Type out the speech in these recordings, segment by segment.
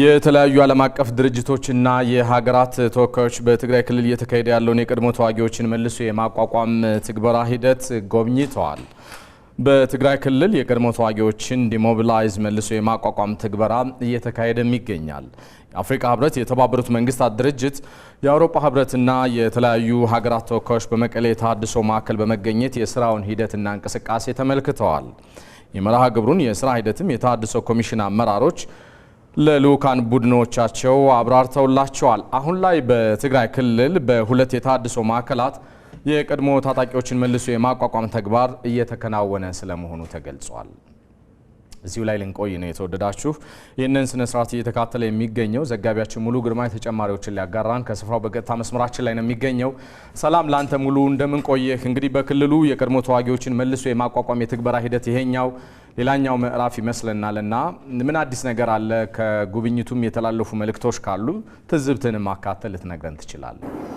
የተለያዩ ዓለም አቀፍ ድርጅቶችና የሀገራት ተወካዮች በትግራይ ክልል እየተካሄደ ያለውን የቀድሞ ተዋጊዎችን መልሶ የማቋቋም ትግበራ ሂደት ጎብኝተዋል። በትግራይ ክልል የቀድሞ ተዋጊዎችን ዲሞቢላይዝ መልሶ የማቋቋም ትግበራ እየተካሄደም ይገኛል። የአፍሪካ ህብረት፣ የተባበሩት መንግስታት ድርጅት፣ የአውሮፓ ህብረትና የተለያዩ ሀገራት ተወካዮች በመቀሌ የተሃድሶ ማዕከል በመገኘት የስራውን ሂደትና እንቅስቃሴ ተመልክተዋል። የመርሃ ግብሩን የስራ ሂደትም የተሃድሶ ኮሚሽን አመራሮች ለልዑካን ቡድኖቻቸው አብራርተውላቸዋል። አሁን ላይ በትግራይ ክልል በሁለት የታድሶ ማዕከላት የቀድሞ ታጣቂዎችን መልሶ የማቋቋም ተግባር እየተከናወነ ስለመሆኑ ተገልጿል። እዚሁ ላይ ልንቆይ ነው የተወደዳችሁ። ይህንን ስነ ስርዓት እየተካተለ የሚገኘው ዘጋቢያችን ሙሉ ግርማ ተጨማሪዎችን ሊያጋራን ከስፍራው በቀጥታ መስመራችን ላይ ነው የሚገኘው። ሰላም ላንተ ሙሉ፣ እንደምን ቆየህ? እንግዲህ በክልሉ የቀድሞ ተዋጊዎችን መልሶ የማቋቋም የትግበራ ሂደት ይሄኛው ሌላኛው ምዕራፍ ይመስለናል እና ምን አዲስ ነገር አለ? ከጉብኝቱም የተላለፉ መልእክቶች ካሉ ትዝብትንም አካተል ልትነግረን ትችላለን።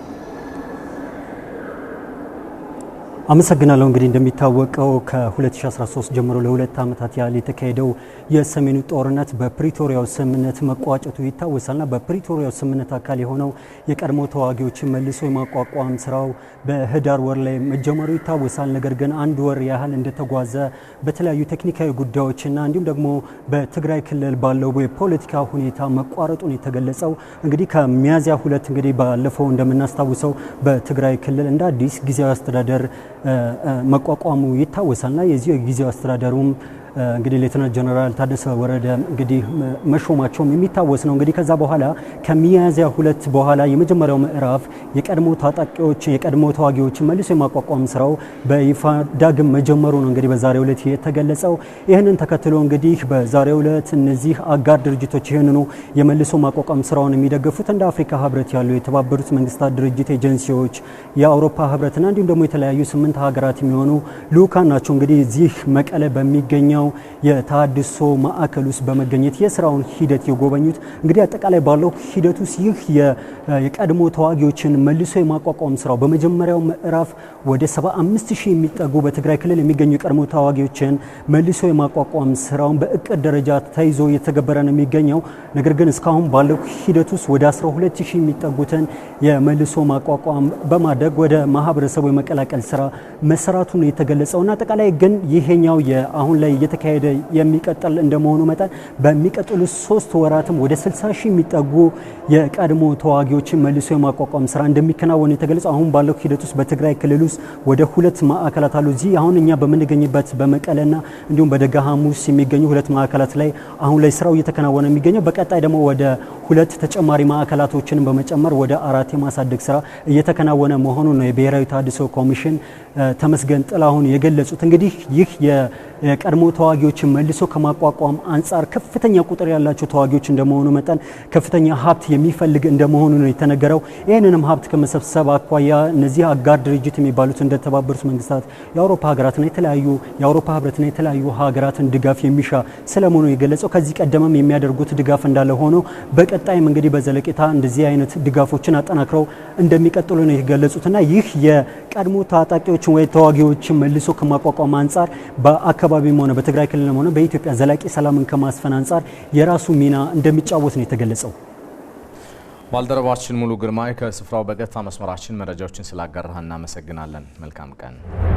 አመሰግናለሁ። እንግዲህ እንደሚታወቀው ከ2013 ጀምሮ ለሁለት ዓመታት ያህል የተካሄደው የሰሜኑ ጦርነት በፕሪቶሪያው ስምምነት መቋጨቱ ይታወሳልና በፕሪቶሪያው ስምምነት አካል የሆነው የቀድሞ ተዋጊዎችን መልሶ የማቋቋም ስራው በህዳር ወር ላይ መጀመሩ ይታወሳል። ነገር ግን አንድ ወር ያህል እንደተጓዘ በተለያዩ ቴክኒካዊ ጉዳዮችና እንዲሁም ደግሞ በትግራይ ክልል ባለው የፖለቲካ ሁኔታ መቋረጡን የተገለጸው እንግዲህ ከሚያዝያ ሁለት እንግዲህ ባለፈው እንደምናስታውሰው በትግራይ ክልል እንደ አዲስ ጊዜያዊ አስተዳደር መቋቋሙ ይታወሳልና የዚህ የጊዜው አስተዳደሩም እንግዲህ ሌተናል ጀነራል ታደሰ ወረደ እንግዲህ መሾማቸውም የሚታወስ ነው። እንግዲህ ከዛ በኋላ ከሚያዝያ ሁለት በኋላ የመጀመሪያው ምዕራፍ የቀድሞ ታጣቂዎች የቀድሞ ተዋጊዎች መልሶ የማቋቋም ስራው በይፋ ዳግም መጀመሩ ነው እንግዲህ በዛሬው ዕለት የተገለጸው። ይህንን ተከትሎ እንግዲህ በዛሬው ዕለት እነዚህ አጋር ድርጅቶች ይህንኑ የመልሶ ማቋቋም ስራውን የሚደግፉት እንደ አፍሪካ ህብረት ያሉ የተባበሩት መንግስታት ድርጅት ኤጀንሲዎች፣ የአውሮፓ ህብረትና እንዲሁም ደግሞ የተለያዩ ስምንት ሀገራት የሚሆኑ ልኡካን ናቸው እንግዲህ እዚህ መቀለ በሚገኘው በዋናው የታድሶ ማዕከል ውስጥ በመገኘት የስራውን ሂደት የጎበኙት። እንግዲህ አጠቃላይ ባለው ሂደት ውስጥ ይህ የቀድሞ ተዋጊዎችን መልሶ የማቋቋም ስራው በመጀመሪያው ምዕራፍ ወደ 75 ሺህ የሚጠጉ በትግራይ ክልል የሚገኙ የቀድሞ ተዋጊዎችን መልሶ የማቋቋም ስራውን በእቅድ ደረጃ ተይዞ እየተገበረ ነው የሚገኘው። ነገር ግን እስካሁን ባለው ሂደት ውስጥ ወደ 12 ሺህ የሚጠጉትን የመልሶ ማቋቋም በማድረግ ወደ ማህበረሰቡ የመቀላቀል ስራ መሰራቱ ነው የተገለጸውና አጠቃላይ ግን ይሄኛው አሁን ላይ እየተካሄደ የሚቀጥል እንደመሆኑ መጠን በሚቀጥሉ ሶስት ወራትም ወደ 60 ሺህ የሚጠጉ የቀድሞ ተዋጊዎችን መልሶ የማቋቋም ስራ እንደሚከናወን የተገለጸ አሁን ባለው ሂደት ውስጥ በትግራይ ክልል ውስጥ ወደ ሁለት ማዕከላት አሉ። እዚህ አሁን እኛ በምንገኝበት በመቀለና እንዲሁም በደጋ ሐሙስ የሚገኙ ሁለት ማዕከላት ላይ አሁን ላይ ስራው እየተከናወነ የሚገኘው በቀጣይ ደግሞ ወደ ሁለት ተጨማሪ ማዕከላቶችን በመጨመር ወደ አራት የማሳደግ ስራ እየተከናወነ መሆኑ ነው የብሔራዊ ተሃድሶ ኮሚሽን ተመስገን ጥላሁን የገለጹት። እንግዲህ ይህ ቀድሞ ተዋጊዎችን መልሶ ከማቋቋም አንጻር ከፍተኛ ቁጥር ያላቸው ተዋጊዎች እንደመሆኑ መጠን ከፍተኛ ሀብት የሚፈልግ እንደመሆኑ ነው የተነገረው። ይህንንም ሀብት ከመሰብሰብ አኳያ እነዚህ አጋር ድርጅት የሚባሉት እንደተባበሩት መንግስታት፣ የአውሮፓ ሀገራትና የተለያዩ የአውሮፓ ህብረትና የተለያዩ ሀገራትን ድጋፍ የሚሻ ስለመሆኑ የገለጸው ከዚህ ቀደምም የሚያደርጉት ድጋፍ እንዳለ ሆኖ በቀጣይም እንግዲህ በዘለቄታ እንደዚህ አይነት ድጋፎችን አጠናክረው እንደሚቀጥሉ ነው የገለጹትና ይህ የቀድሞ ታጣቂዎችን ወይ ተዋጊዎችን መልሶ ከማቋቋም አንጻር በአካ አካባቢም ሆነ በትግራይ ክልልም ሆነ በኢትዮጵያ ዘላቂ ሰላምን ከማስፈን አንጻር የራሱ ሚና እንደሚጫወት ነው የተገለጸው። ባልደረባችን ሙሉ ግርማይ ከስፍራው በቀጥታ መስመራችን መረጃዎችን ስላጋራህ እናመሰግናለን። መልካም ቀን።